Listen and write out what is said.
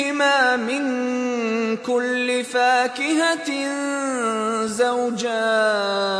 فيهما من كل فاكهة زوجان